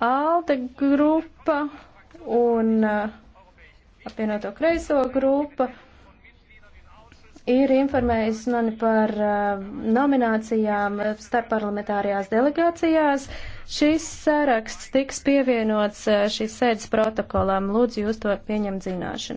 ALDE grupa un uh, apvienoto kreiso grupa ir informējusi mani par uh, nominācijām starpparlamentārajās delegācijās. Šis saraksts tiks pievienots uh, šīs sēdes protokolām. Lūdzu, jūs to pieņemt zināšanai.